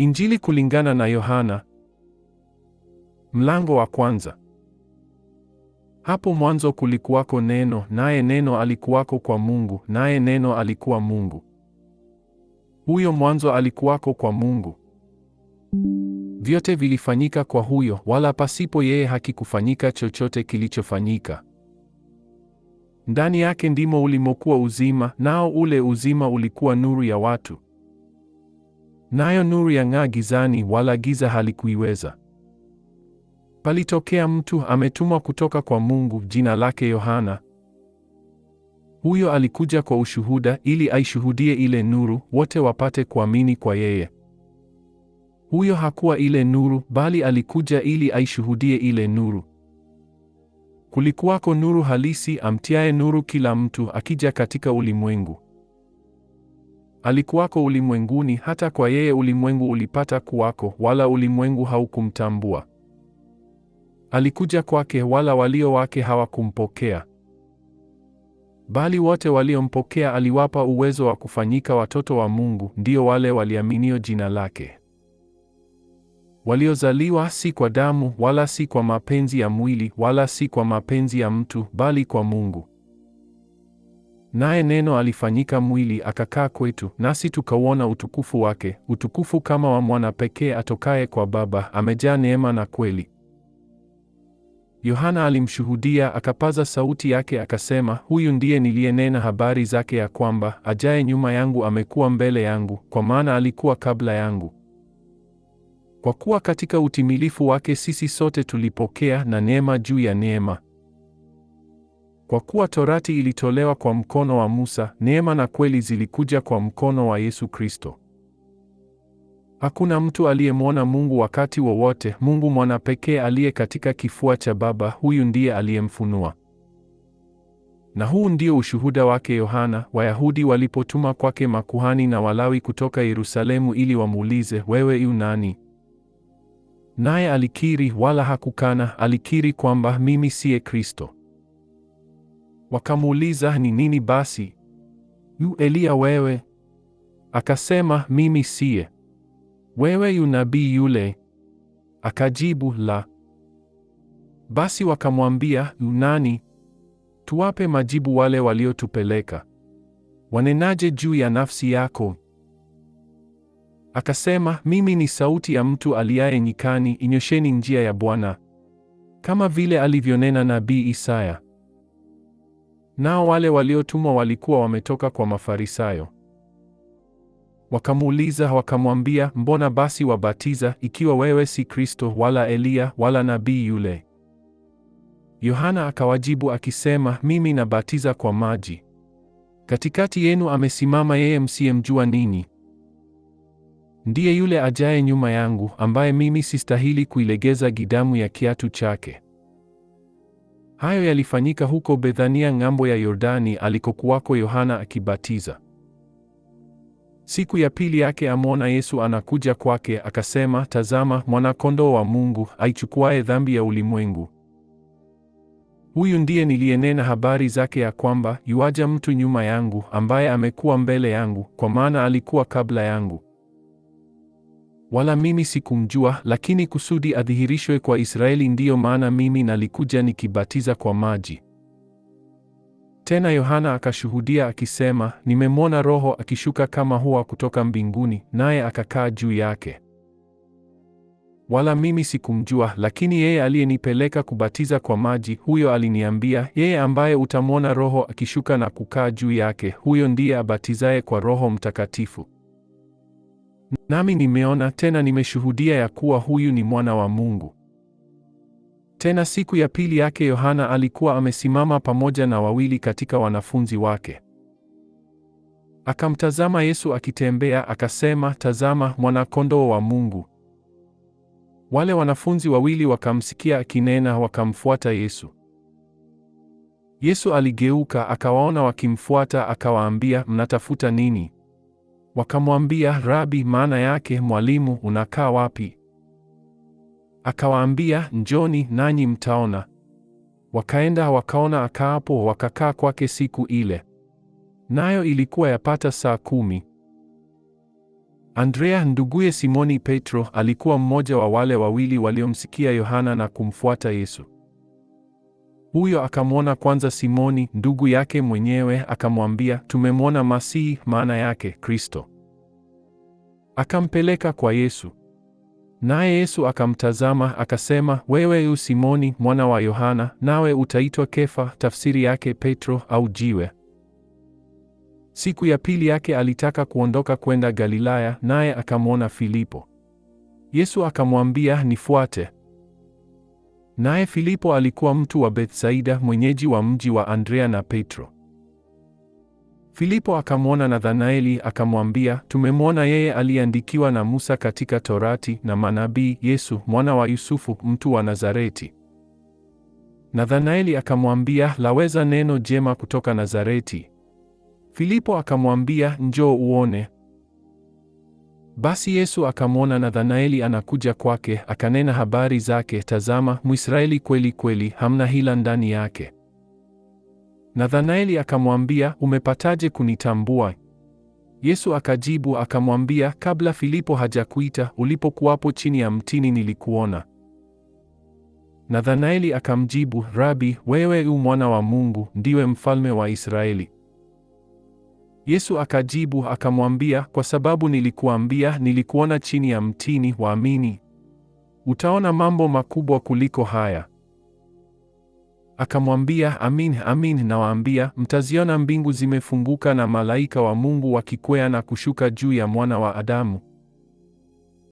Injili kulingana na Yohana mlango wa kwanza. Hapo mwanzo kulikuwako neno, naye neno alikuwako kwa Mungu, naye neno alikuwa Mungu. Huyo mwanzo alikuwako kwa Mungu. Vyote vilifanyika kwa huyo, wala pasipo yeye hakikufanyika chochote kilichofanyika. Ndani yake ndimo ulimokuwa uzima, nao ule uzima ulikuwa nuru ya watu nayo nuru yang'aa gizani, wala giza halikuiweza. Palitokea mtu ametumwa kutoka kwa Mungu, jina lake Yohana. Huyo alikuja kwa ushuhuda, ili aishuhudie ile nuru, wote wapate kuamini kwa yeye. Huyo hakuwa ile nuru, bali alikuja ili aishuhudie ile nuru. Kulikuwako nuru halisi amtiaye nuru kila mtu akija katika ulimwengu. Alikuwako ulimwenguni, hata kwa yeye ulimwengu ulipata kuwako, wala ulimwengu haukumtambua. Alikuja kwake, wala walio wake hawakumpokea. Bali wote waliompokea aliwapa uwezo wa kufanyika watoto wa Mungu, ndio wale waliaminio jina lake, waliozaliwa si kwa damu, wala si kwa mapenzi ya mwili, wala si kwa mapenzi ya mtu, bali kwa Mungu. Naye Neno alifanyika mwili akakaa kwetu, nasi tukauona utukufu wake, utukufu kama wa mwana pekee atokaye kwa Baba, amejaa neema na kweli. Yohana alimshuhudia, akapaza sauti yake akasema, huyu ndiye niliyenena habari zake, ya kwamba ajaye nyuma yangu amekuwa mbele yangu, kwa maana alikuwa kabla yangu. Kwa kuwa katika utimilifu wake sisi sote tulipokea, na neema juu ya neema. Kwa kuwa torati ilitolewa kwa mkono wa Musa, neema na kweli zilikuja kwa mkono wa Yesu Kristo. Hakuna mtu aliyemwona Mungu wakati wowote. Mungu mwana pekee aliye katika kifua cha Baba, huyu ndiye aliyemfunua. Na huu ndio ushuhuda wake Yohana, Wayahudi walipotuma kwake makuhani na Walawi kutoka Yerusalemu ili wamuulize, wewe yu nani? Naye alikiri, wala hakukana, alikiri kwamba mimi siye Kristo. Wakamuuliza, ni nini basi? Yu Eliya wewe? Akasema, mimi siye. Wewe yu nabii yule? Akajibu, la. Basi wakamwambia, yu nani? Tuwape majibu wale waliotupeleka. Wanenaje juu ya nafsi yako? Akasema, mimi ni sauti ya mtu aliaye nyikani, inyosheni njia ya Bwana, kama vile alivyonena nabii Isaya. Nao wale waliotumwa walikuwa wametoka kwa Mafarisayo. Wakamuuliza wakamwambia, mbona basi wabatiza ikiwa wewe si Kristo wala Eliya wala nabii yule? Yohana akawajibu akisema, mimi nabatiza kwa maji. Katikati yenu amesimama yeye msiyemjua ninyi. Ndiye yule ajaye nyuma yangu, ambaye mimi sistahili kuilegeza gidamu ya kiatu chake. Hayo yalifanyika huko Bethania ng'ambo ya Yordani alikokuwako Yohana akibatiza. Siku ya pili yake amwona Yesu anakuja kwake, akasema, tazama mwana-kondoo wa Mungu aichukuaye dhambi ya ulimwengu. Huyu ndiye niliyenena habari zake, ya kwamba yuaja mtu nyuma yangu, ambaye amekuwa mbele yangu, kwa maana alikuwa kabla yangu wala mimi sikumjua, lakini kusudi adhihirishwe kwa Israeli, ndiyo maana mimi nalikuja nikibatiza kwa maji. Tena Yohana akashuhudia akisema, nimemwona Roho akishuka kama hua kutoka mbinguni, naye akakaa juu yake. Wala mimi sikumjua, lakini yeye aliyenipeleka kubatiza kwa maji, huyo aliniambia, yeye ambaye utamwona Roho akishuka na kukaa juu yake, huyo ndiye abatizaye kwa Roho Mtakatifu nami nimeona tena nimeshuhudia ya kuwa huyu ni mwana wa Mungu. Tena siku ya pili yake Yohana alikuwa amesimama pamoja na wawili katika wanafunzi wake. Akamtazama Yesu akitembea, akasema, tazama mwana-kondoo wa Mungu. Wale wanafunzi wawili wakamsikia akinena, wakamfuata Yesu. Yesu aligeuka akawaona wakimfuata, akawaambia, mnatafuta nini? Wakamwambia, Rabi, maana yake mwalimu, unakaa wapi? Akawaambia, njoni nanyi mtaona. Wakaenda wakaona akaapo, wakakaa kwake siku ile, nayo ilikuwa yapata saa kumi. Andrea nduguye Simoni Petro alikuwa mmoja wa wale wawili waliomsikia Yohana na kumfuata Yesu. Huyo akamwona kwanza Simoni ndugu yake mwenyewe, akamwambia, tumemwona Masihi, maana yake Kristo. Akampeleka kwa Yesu. Naye Yesu akamtazama akasema, wewe u Simoni mwana wa Yohana, nawe utaitwa Kefa, tafsiri yake Petro au jiwe. Siku ya pili yake alitaka kuondoka kwenda Galilaya, naye akamwona Filipo. Yesu akamwambia, nifuate. Naye Filipo alikuwa mtu wa Bethsaida, mwenyeji wa mji wa Andrea na Petro. Filipo akamwona Nathanaeli akamwambia, tumemwona yeye aliyeandikiwa na Musa katika Torati na manabii, Yesu mwana wa Yusufu, mtu wa Nazareti. Nathanaeli akamwambia, laweza neno jema kutoka Nazareti? Filipo akamwambia, njoo uone. Basi Yesu akamwona Nathanaeli anakuja kwake, akanena habari zake, tazama, Mwisraeli kweli kweli, hamna hila ndani yake. Nathanaeli akamwambia, umepataje kunitambua? Yesu akajibu akamwambia, kabla Filipo hajakuita, ulipokuwapo chini ya mtini nilikuona. Nathanaeli akamjibu, Rabi, wewe u mwana wa Mungu, ndiwe mfalme wa Israeli. Yesu akajibu akamwambia, kwa sababu nilikuambia, nilikuona chini ya mtini, waamini? Utaona mambo makubwa kuliko haya. Akamwambia, amin amin, nawaambia, mtaziona mbingu zimefunguka na malaika wa Mungu wakikwea na kushuka juu ya mwana wa Adamu.